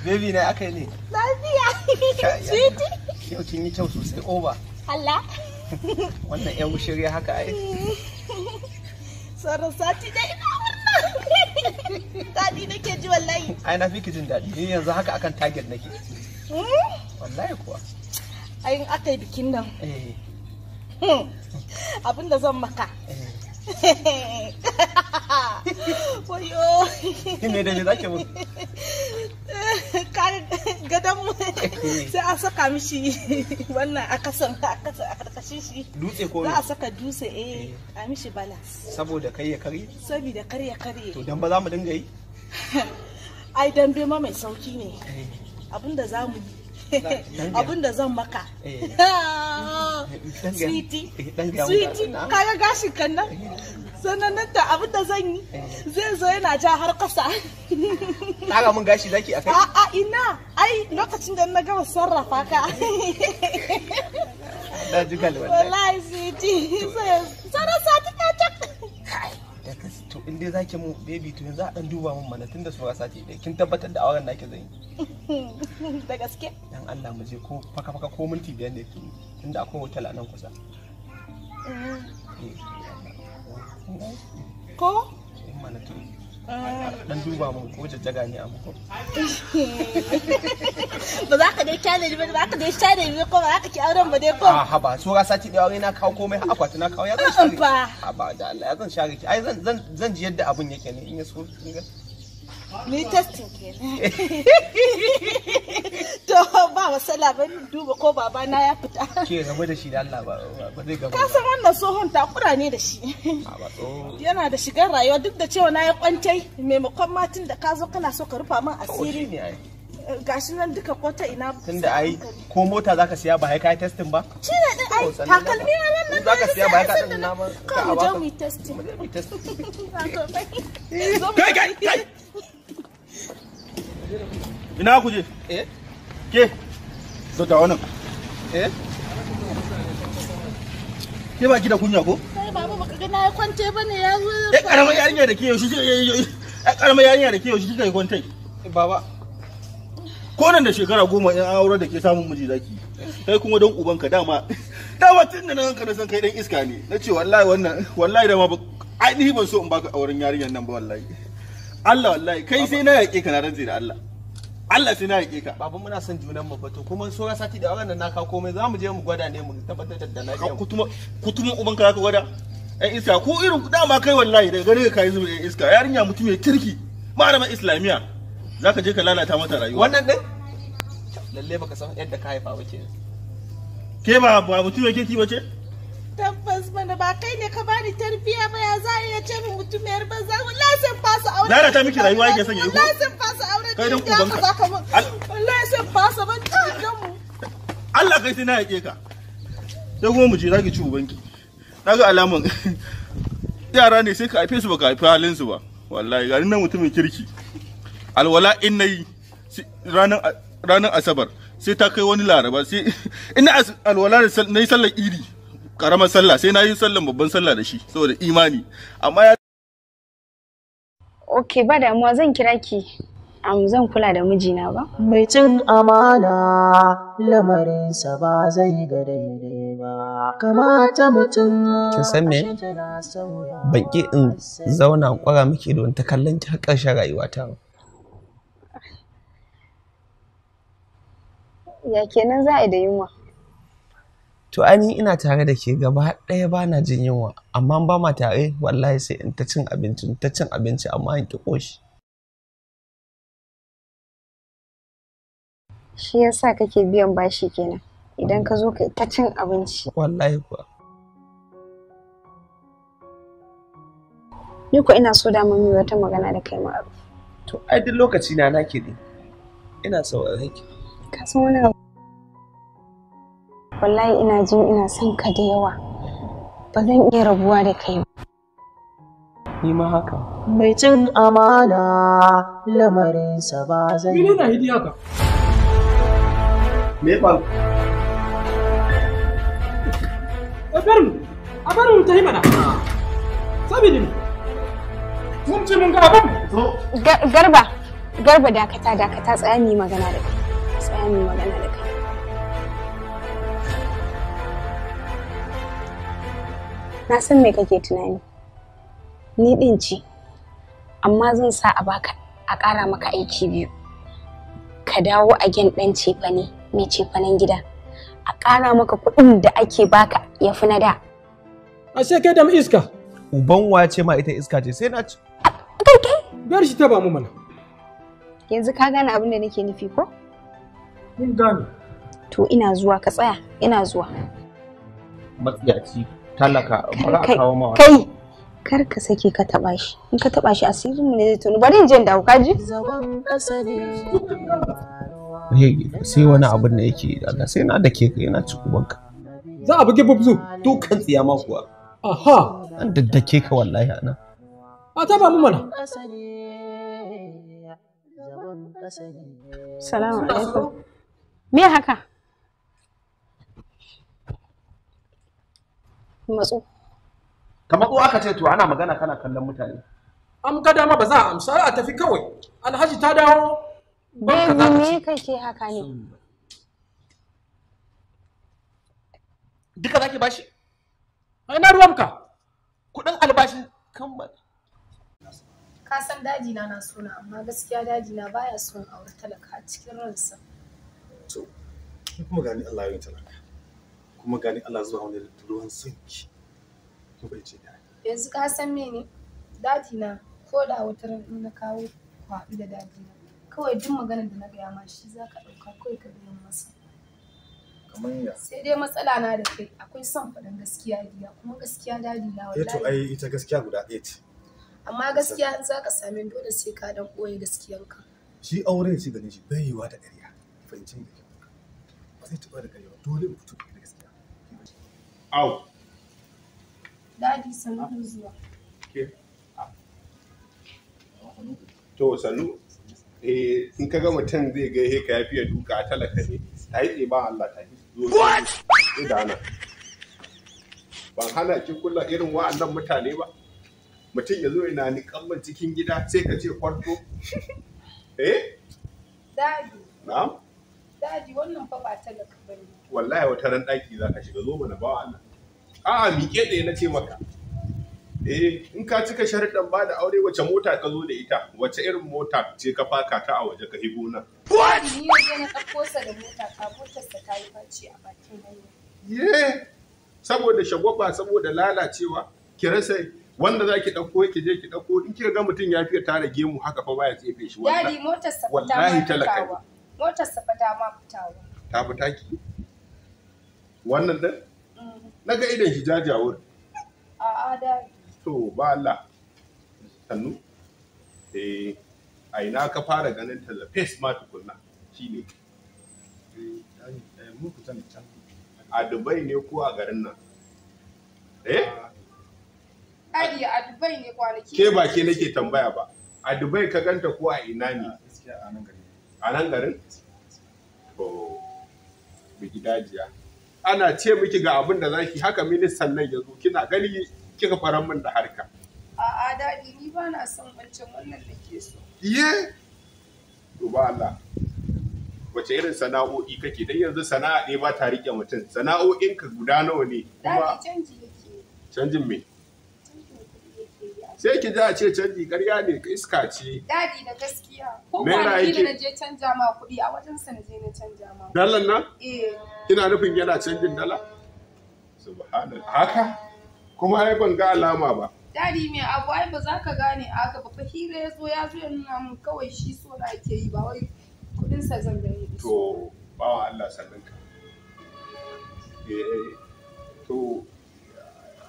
Baby na aka yi ne? Lafiya. Sweetie. Yau kin yi kyau sosai over. Allah. Wannan yan shirya haka ai. Sauran sati da ina murna. Daɗi nake ji wallahi. Ai na fi jin dadi Ni yanzu haka akan target nake. Hmm? Wallahi kuwa. Ai in aka yi bikin nan. Eh. Hmm. Abin zan maka. Eh. wayo me dutse ko za a eh, eh. a mishi balance saboda kai ya kare saboda kar ya kare to za mu dinga yi dambe ma mai sauki ne eh. abunda za mu yi abinda zan maka eh. sweetie eh, kaga gashi kan nan eh. sannan nan ta abinda zan yi zai zo yana ja har kasa Tara mun gashi zaki akai? a ina, ai lokacin da na gama sarrafa ka. da ji Wallahi sweetie sai sati dai ki mun baby to yanzu a dan duba mun mana tunda su wasa ce kin tabbatar da auren naki zan yi da gaske dan Allah mu je ko faka faka ko minti biyar ne kin tunda akwai hotel a nan kusa eh. Eh, ko mana to dan duba mun ko jajjaga ne a muku ba za ka dai challenge ba za ka dai challenge ba ko ba za ka ki auren ba dai ko a ah, haba so ga sati da aure na kawo komai har akwati na kawo ya zan share haba da Allah ya zan share ki ai zan zan zan ji yadda abun yake ne in ya so ni testing kenan ba masala ba duba ko baba na ya fita ke gaba da shi da Allah ba zai gaba ka san wannan tsohon takura ne da shi ah, yana da shigar rayuwa duk da cewa na ya kwantai maimakon matin da ka zo kana so ka rufa min asiri eh, gashi nan duka ko ta ina Tun da ai ko mota zaka siya ba kai testin ba shi ne din ai takalmi ma nan nan zaka siya ba kai testin na ba ka mu je mu testin mu je mu testin kai kai kai ina kuje eh ke zo ta wannan eh ke ba ki da kunya ko sai babu baka ga na kwance bane ya zo ya eh, eh, eh, yi ko shekara goma in da ke samun miji zaki kai kuma don ubanka dama dama tun nan ka san kai dan iska ne nace ce wallahi wannan wallahi da ma ainihi ban so in baka auren yarinyar nan ba wallahi Allah wallahi kai sai na yaƙe da Allah Allah sai na yake ka babu muna son junan mu fato kuma sauran sati da wannan na ka komai zamu je mu gwada ne mu tabbatar da lafiya kutuma kutuma uban ka ka gwada ɗan iska ko irin ma kai wallahi daga gare ka yi zuwa iska yarinya mutum ya kirki malaman islamiya zaka je ka lalata mata rayuwa wannan din lalle baka san yadda ka haifa ba ke ba ba mutum ya kirki ba tabbas bana ba kai ne ka bani tarbiya ba ya za a iya ce mutum yar banza wallahi sai fasa aure lalata miki rayuwa yake son ya yi wallahi sai fasa kai dan ubanka zaka mun wallahi sai fasa ban dan mu Allah kai sai na yake ka sai kuma mu je zaki ci ubanki naga alaman yara ne sai ka haife su baka haifi halin su ba wallahi garin nan mutumin kirki alwala in nayi ranar asabar sai ta kai wani laraba sai ina alwala na yi sallar iri karamar sallah sai na yi sallar babban sallah da shi saboda imani amma ya ok ba damuwa zan kira ki am zan kula da mijina ba. Mai cin amana lamarinsa ba zai ga daidai ba. Kamata mutum Kin san me? Ban ki in zauna kwara muke don ta kallon ki har ƙarshen rayuwata ta. Ya kenan za a yi da yunwa. To ani ina tare da ke gaba ɗaya ba na jin yunwa amma ba ma tare wallahi sai in ta cin abincin ta cin abinci amma in ki ƙoshi. shi yasa kake biyan bashi kenan idan ka zo ka ta cin abinci wallahi kuwa ni ko ina so da mun wata magana da kai ma'aruf to ai duk lokaci na nake ne ina saurare ki ka san wani abu wallahi ina jin ina son ka da yawa ba zan iya rabuwa da kai ba ni ma haka. Mai cin amana lamarin sa ba zai. na hidiya ka? me ba a bar mu ta yi mana sabidin mun ce mun ga abin garba garba dakata dakata tsaya mu magana da kai tsaya mu magana da kai na san me kake tunani ni din ce amma zan sa a baka a ƙara maka aiki biyu ka dawo a gyan ɗan cefa ne mai cefanen gida a ƙara maka kuɗin da ake baka ya fi na da. Ashe kai da iska. Uban wa ce ma ita iska ce sai na ci. Kai kai. Biyar shi ta ba mu mana. Yanzu ka gane abin da nake nufi ko? Mun gane. To ina zuwa ka tsaya ina zuwa. Matsiyaci talaka ba a kawo mawa. Kai kar ka sake ka taba shi in ka taba shi asirin mu ne zai tunu bari in je in dawo kaji. Zaban ƙasa ne. sai wani abin da yake yi Allah sai na da ke kai yana ci ubanka za a buge bubzu dukan tsiya ma kuwa aha an daddake ka wallahi ana a taba mu mana salamu alaikum me haka matsu ka matsu aka ce to ana magana kana kallon mutane an ga dama ba za a amsa a tafi kawai alhaji ta dawo Baby me kake haka ne? Duka zaki bashi? Ina ruwanka? Kudin albashin kammala. Ka san daji na suna amma gaskiya na baya son aure talaka a cikin ransa. To, kuma gani Allah ya yi talaka. Kuma gani Allah zuwa wani ruwan sanki. Ko bai ce da. Yanzu ka san mene? na ko da wata ran na kawo kwaɗi da na. kawai duk maganar da na gaya ma shi za ka ɗauka kawai ka biyan masa sai dai matsala na da kai akwai son faɗin gaskiya diya kuma gaskiya dadi na wallahi eh to ai ita gaskiya guda ɗaya ce amma gaskiya in za ka same dole sai ka dan ɓoye gaskiyanka shi aure shi gani shi bai yiwa da ƙarya fahimci ne ba zai taɓa da ƙarya dole ku fito da gaskiya au dadi sanu zuwa ke to sanu eh in ka ga mutum zai ga he ka yafiya duka a talaka ne ta yi eh, ba Allah ta yi what idana ban hana ki kula irin wa'annan mutane ba mutum ya zo yana niƙan cikin gida sai ka ce kwarto eh dadi na'am daji wannan fa ba talaka bane wallahi wata ran daki za ka shiga zo mana ba Allah a'a miƙe ɗaya na ce maka eh in ka cika sharuɗan ba da aure wace mota ka zo da ita wace irin mota ce ka faka ta a waje ka hibo nan what ni waje na ɗauko sa da mota ka motar sa ta yi face a bakin hanya ye saboda shagwaba saboda lalacewa ki rasa wanda za ki ɗauko ki je ki ɗauko in kika ga mutum ya fiye tara gemu haka fa baya tsefe shi wannan. Yari motar sa ma fitawa. motar sa fa ma fitawa ta fita ki wannan din mm. naga idan shi jajawur a'a dai to ba Allah sannu eh a ina ka fara ganin ta da face ma tukunna ne. a Dubai ne ko a garin nan eh Adi a Dubai ne kwanaki ke ba ke nake tambaya ba a Dubai ka ganta ko a ina ne a nan garin to biki dajiya ana ce miki ga abin da zaki haka ministan nan ya zo kina gani kika fara min da harka a'a dadi ni ba na son wancan wannan da ke so iye to ba Allah wace irin sana'o'i kake dan yanzu sana'a ne ba ta rike mutum sana'o'in ka guda nawa ne kuma canji yake canjin me sai ki a ce canji ƙarya ne iska ce dadi da gaskiya ko kwanaki da na je canja ma kuɗi a wajen sa na je na canja ma dalan nan eh kina nufin yana canjin dala subhanallah haka kuma ai ban ga alama ba dadi mai abu ai ba za ka gane aka? ba ba hira ya zo ya zo ya nuna mun kawai shi so da ake yi ba wai kudin sa zan gani to wa Allah sannan ka eh, to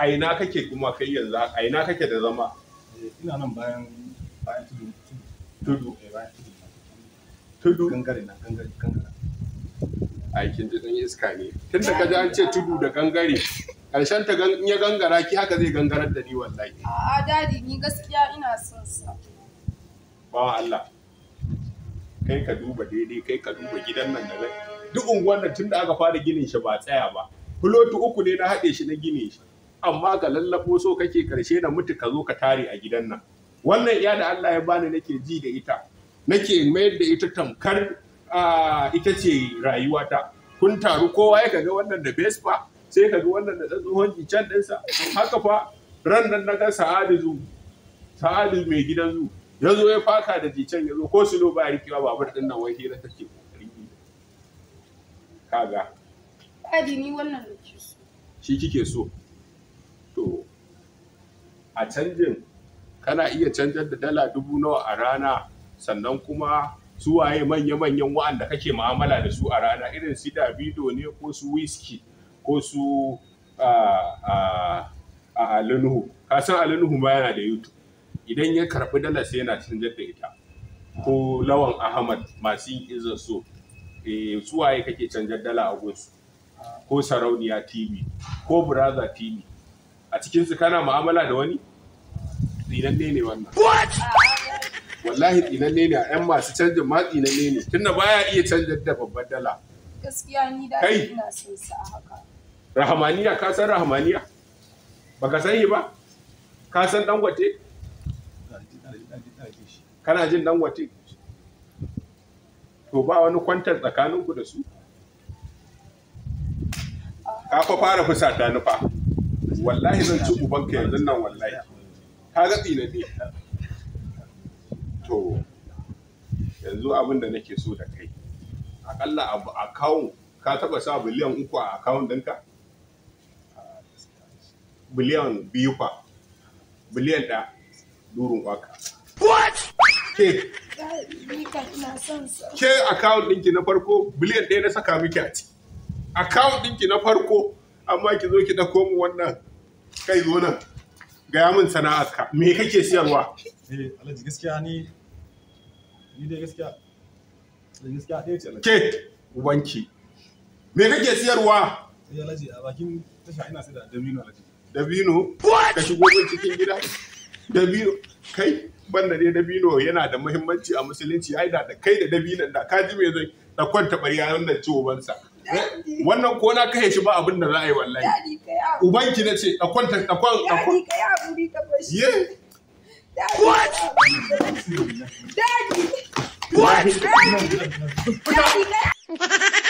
a ina kake kuma kai yanzu a ina kake da zama eh, ina nan bayan bayan tudu tudu eh bayan tudu tudu gangare na gangare gangare aikin don iska ne tunda ka ji an ce tudu da gangare karshen ta in ya gangara ki haka zai gangarar da ni wallahi a dadi ni gaskiya ina son sa ba Allah kai ka duba daidai kai ka duba gidan nan da duk unguwar nan tunda aka fara ginin shi ba tsaya ba fulotu uku ne na haɗe shi na gine shi amma ga lallabo so kake karshe da mutu ka zo ka tare a gidan nan wannan iya da Allah ya bani nake ji da ita nake mayar da ita tamkar ah, ita ce rayuwata kun taru kowa ya kaga wannan da Vespa sai ka ga wannan da tsohon jican ɗinsa haka fa ran nan na ga sa'adu zu sa'adu mai gidan zu ya zo ya faka da jican ya zo ko su ba rikewa babur ɗin nan wai hira take kokari kaga adi ni wannan da ke so shi kike so to a canjin kana iya canjar da dala dubu nawa a rana sannan kuma su waye manya-manyan wa'anda kake ma'amala da su a rana irin su davido ne ko su whisky ko su a alinuhu ka san alinuhu ma yana da youtube idan ya karɓi dala sai yana canjar da ita ko lawan ahmad masu yin izin so eh, suwaye kake canjar dala a gosu ko sarauniya tv ko braza tv a su kana mu'amala da wani tsinanne ne wannan wallahi tsinanne ne a 'yan masu canjin ma tsinanne ne tunda baya iya canjar da babbar dala gaskiya ni da ina so sa haka rahamaniya ka san rahamaniya ba ka yi ba ka san dangote kana jin dangote to ba wani kwantar tsakaninku da su ka fa fara fusata ni nufa wallahi zan ci ubanka yanzu nan wallahi ka ga na ne to yanzu abin da nake so da kai akalla abu account ka taba sa biliyan uku a account ɗinka biliyan biyu fa biliyan da durin kwaka. What? Ke. Ke account ɗinki na farko biliyan ɗaya na saka miki a ci. Account ɗinki na farko amma ki zo ki ɗauko mu wannan kai zo nan. Gaya min sana'ar ka me kake siyarwa? Eh Alhaji gaskiya ni ni dai gaskiya eh, gaskiya ɗaya ce Ke ubanki me kake siyarwa? Eh Alhaji a bakin tasha ina sai da dabino Alhaji. dabino ka shigo cikin gida dabino kai banda ne dabino yana da muhimmanci a musulunci ai da kai da dabino da kaji mai zai da kwanta barya da ciwo bansa eh? wannan ko na kai shi ba abin da za a yi wallahi ubanki na ce da kwanta da kwanta da kwanta ye what what what